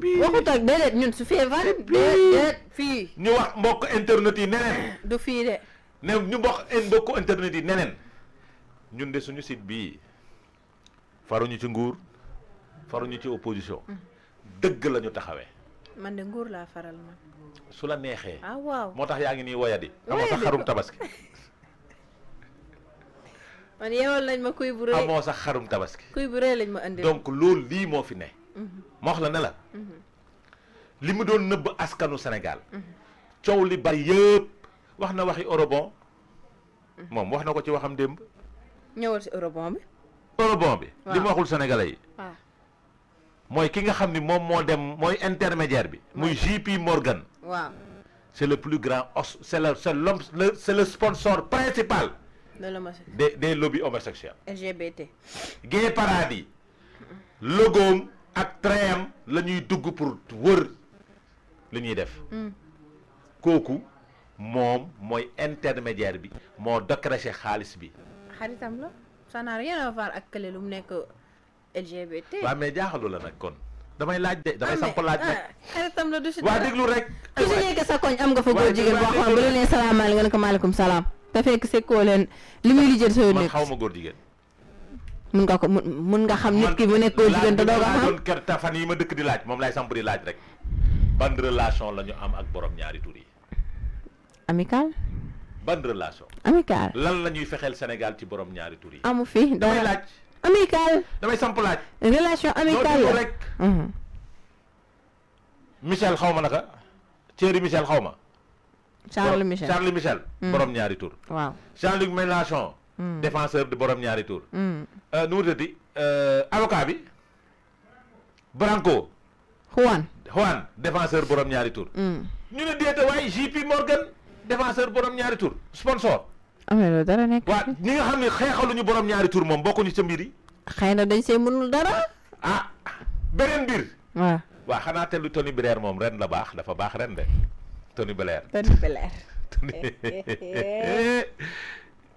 bii waxut ak déedéet ñun su feebar déedéet fii ñu internet yi neneen du fii de hmm. ah, ah, ne ñu mbokk mbokk internet yi neneen ñun de suñu site bii faruñu ci nguur faruñu ci opposition dëgg la ñu taxawee man de nguur laa faral man su la ah waaw moo tax yaa ngi nii woyadi amoo tabaski man yeewal lañ ma kuy bu rëy tabaski kuy bu rëy lañ ma andi donc loolu mo wax la ne la li mu doon nëbb askanu Sénégal coow li bari yëpp wax na waxi eurobon moom wax na ko ci waxam démb ñëwal si eurobon bi eurobon bi li mu waxul sénégalais yi mooy ki nga xam ni moom moo dem mooy intermédiaire bi muy kan? JP Morgan waaw c'est le plus grand os c'est le c'est l'homme c'est le sponsor principal des des lobbies homosexuels LGBT Gay Paradis logoom ak train am la ñuy dugg pour wër li ñuy def kooku moom mooy intermédiaire bi moo décroché xaalis bi xaritam la ça n'a rien à voir ak kële lu mu nekk LGBT waaw mais jaaxalu la nag kon damay laaj de damay samp laaj nag xaritam la du si waa déglu rek ku si nekk sa koñ am nga fa góor jigéen boo xam bu la nee salaamaaleykum nga ne ko maaleykum salaam te fekk sekkoo leen li muy lijjël sa yoon nekk man xaw ma góor jigéen mën nga ko mën nga xam nit ki mu nekkoon diggante doo ko xam doon kër ta fan yi ma dëkk di laaj moom lay samp di laaj rek ban relation la ñu am ak borom ñaari tur yi amical ban relation amical lan la ñuy fexeel Sénégal ci borom ñaari tur yi amu fi damay laaj amical damay samp laaj relation amical la rek mhm. Michel xaw ma naka Thierry Michel xaw ma Charles Michel Charles Michel mhm. borom ñaari tur waaw charles luc Mélenchon Hmm. défenseur de borom ñaari tour hmm. euh, nu mu euh avocat bi Branco Juan Juan défenseur borom ñaari tour hmm. ñu né dété way JP Morgan défenseur borom ñaari tour sponsor amé ah, lo dara nek wah ñi nga xamni xéxalu ñu borom ñaari tour bokku ñu ci mbir yi xéna dañ sé mënul dara ah benen bir wa wa xana te lu Tony Blair mom ren la bax dafa bax ren de Tony Blair Tony Blair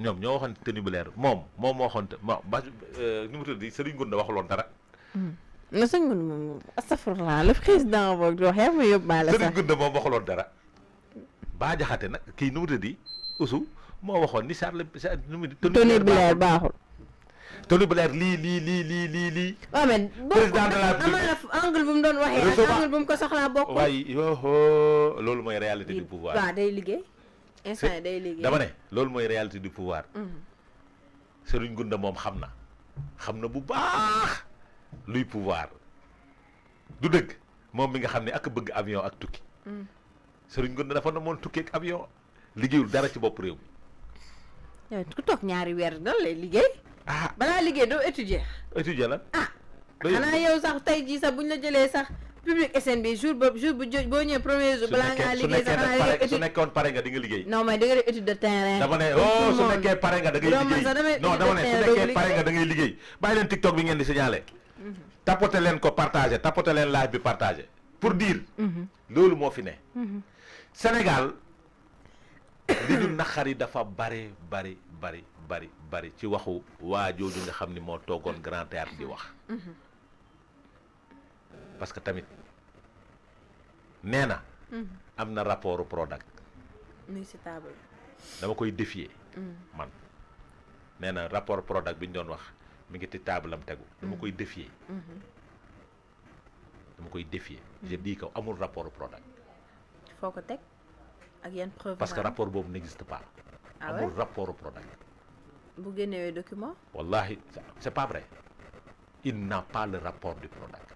ñoom ñoo waxoon tenue bu leer moom moom moo waxoon ma ba euh, nu mu tudd Serigne Gounda waxuloon dara. na sëñ Gounda moom astafurlah le président boog di wax yaa ngi yóbbaale sax moom waxuloon dara. baa jaxate nag kii nu mu tudd Usu moo waxoon ni Charles nu mu. tenue bu leer baaxul. Tony Blair lii lii lii lii lii lii. waaw mais président de la République angle bu mu doon waxee. angle bu mu ko soxlaa bokkul. waaye loolu mooy réalité du pouvoir. waa day liggéey. instant day liggéey dama ne loolu mooy réalité du pouvoir. Mhm. Serigne Gunda moom xam na xam na bu baax luy pouvoir du dëgg moom mi nga xam ne ak bëgg avion ak tukki. Mhm. Serigne Gunda dafa na moon tukki ak avion liggéeyul dara ci bopp réew mi. yow ku toog ñaari weer nan lay liggéey. ah balaa liggéey doo étudier. étudier lan ah. xanaa yow sax tey jii sax buñ la jëlee sax public SNB jour bob jour bu jóg boo ñëwee premier jour. balaa ngaa liggéey sax xanaa su nekkee paré nga di nga non mais da ngay étude de terrain. dama né oh su nekké paré nga da ngay liggéey non dama né su nekké paré nga da ngay liggéey. bàyyi leen TikTok bi ngeen di signaler. Mhm. tapoter leen ko partager tapoter leen live bi partager pour dire. Mhm. lolu mo fi ne. Mhm. Sénégal di ñu naqari dafa bari bari bari bari bari ci waxu wa joju nga xamni mo togon Grand Théâtre di wax. parce que tamit nee na. Mm-hmm. am na rapport Prodac. muy si table. dama koy défier. Mm-hmm. man nee na rapport Prodac bi ñu doon wax mi ngi ci table am tegu. dama mm-hmm. koy défier. dama koy défier. je dis que amul rapport Prodac. foo ko teg ak yan preuve. parce que rapport boobu n'existe pas. Ah amul rapport Prodac. bu génnewee document. wallaahi c'est pas vrai il n'a pas le rapport du Prodac.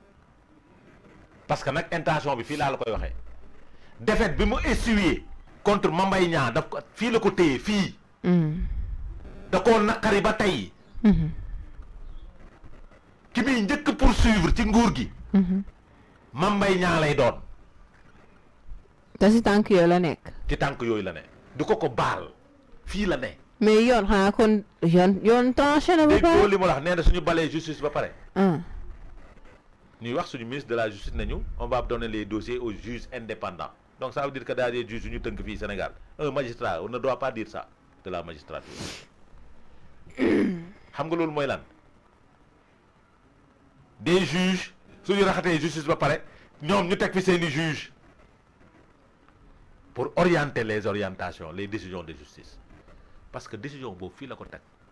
parce que nag intention bi fii laa la koy waxee défaite bi mu essuyé contre Mambay Niang daf ko fii la ko téye fii. Mhm. da ko nakari ba hmm ki muy njëkk poursuivre ci nguur gi. Mhm. Mambay Niang lay doon. te ci tank yooyu la nekk. ci tank yooyu la ne du ko ko bal fi la ne. mais yoon xanaa kon yoon yoon tranché na ba pare. li mo wax né na suñu balee justice ba pare. Ah. Nous wax le ministre de la justice on va donner les dossiers aux juges indépendants donc ça veut dire que dans des juges nous ñu au Sénégal un magistrat on ne doit pas dire ça de la magistrature xam nga ce que c'est des juges si vous justice ba pare nous, ñu teg fi juges pour orienter les orientations les décisions de justice parce que décision décisions, fii la ko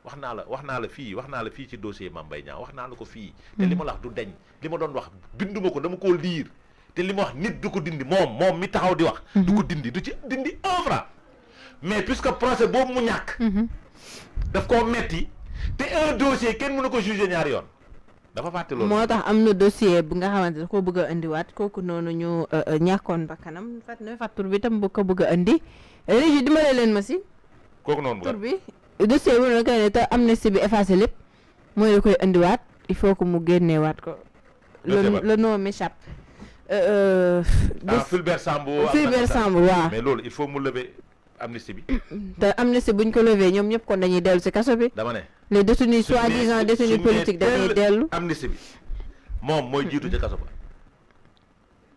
wax naa la wax naa la fi wax naa la fi ci dossier mam bay ñaan wax naa la ko fi te lima la wax du deñ lima doon wax binduma ko dama ko lire te lima wax nit du ko dindi mom mom mi taxaw di wax du ko mhm. dindi du ci dindi œuvre mais puisque procès bobu mu ñak mhm. daf ko metti te un dossier kenn mënu ko juger ñaar yoon dafa fàtte loolu motax amna am dossier bu nga xamante ko bëgg andi indiwaat koku nonu ñu euh, euh, ñakoon ba kanam fat ne fàttur bi tam bu ko bëgg andi indi léegi len ma tur bi dossier bu ne te amnistie bi effacer lépp mooy la koy indiwaat il faut que mu génneewaat ko. le le nom échappe. Euh, euh, ah, ah Fulbert Sambou. Fulbert Sambou waaw. mais loolu il faut mu lever amnistie bi. te amnistie buñ ko lever ñoom ñëpp kon dañuy dellu si kaso bi. dama ne les détenus soi-disant détenus politiques dañuy dellu. amnistie bi moom mooy jiitu ci kaso ba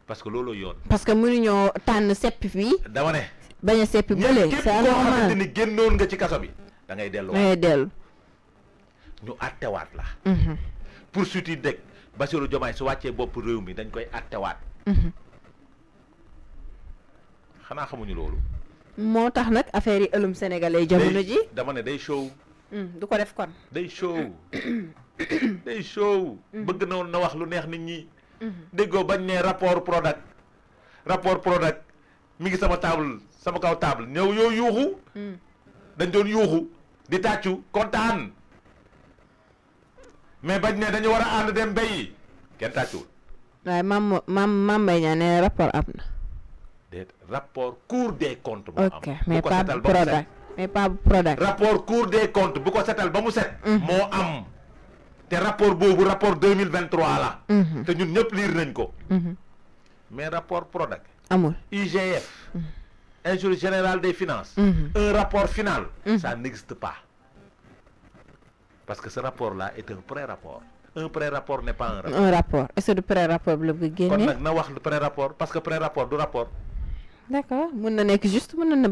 parce que loolu yoon. parce que mënuñoo tànn sepp fii. dama ne. bañ a sepp bële. c'est normal ñëpp képp koo xamante ni génnoon nga ci kaso bi. da ngay dellu da ngay dellu ñu attewaat la mhm. poursuite yi dëkk Bassirou Diomaye su wàccee bopp réew mi dañ koy attewaat mhm. xanaa xamuñu loolu moo tax nag affaire yi ëlum sénégalais jamono ji dama ne day show mhm, du ko def kon day show day show bëgg na woon na wax lu neex nit ñi déggoo bañ ne rapport Prodac rapport Prodac mi ngi sama table sama kaw table ñëw yow yuuxu dañ doon yuuxu di tàccu kontaan mais bañ ne dañu war a ànd dem béyi kenn tàccuwul. waaye maam maam maam Mbaye ñaa ne rapport am na. déet rapport cour des comptes. moo am ok mais pas Prodac mais pas Prodac. rapport cour des comptes bu ko setal ba mu set. Mhm. moo am te rapport boobu rapport deux mille vingt trois mhm. te ñun ñëpp liir nañ ko. Mhm. mais rapport Prodac. amul Un jury général des finances, mm-hmm. un rapport final, mm-hmm. ça n'existe pas. Parce que ce rapport-là est un pré-rapport. Un pré-rapport n'est pas un rapport. Un rapport. Et c'est le pré-rapport le le pré-rapport parce que pré-rapport du rapport. D'accord. juste, C'est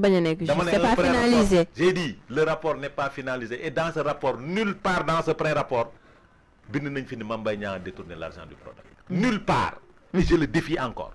pas finalisé. J'ai dit, le rapport n'est pas finalisé. Et dans ce rapport, nulle part dans ce pré-rapport, Bin Ningfini Mambay détourner l'argent du produit. Mm-hmm. Nulle part. mais je le défie encore.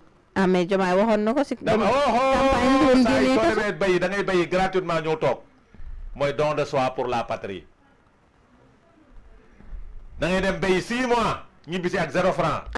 amee ah, jomaay waxoon na ko si. campagne oh, oh, oh, bi soo demee béyi da ngay béyi gratuitement ñëw toog mooy don de soi pour la patrie da ngay dem béyi 6 mois ñibbisi ak zéro franc.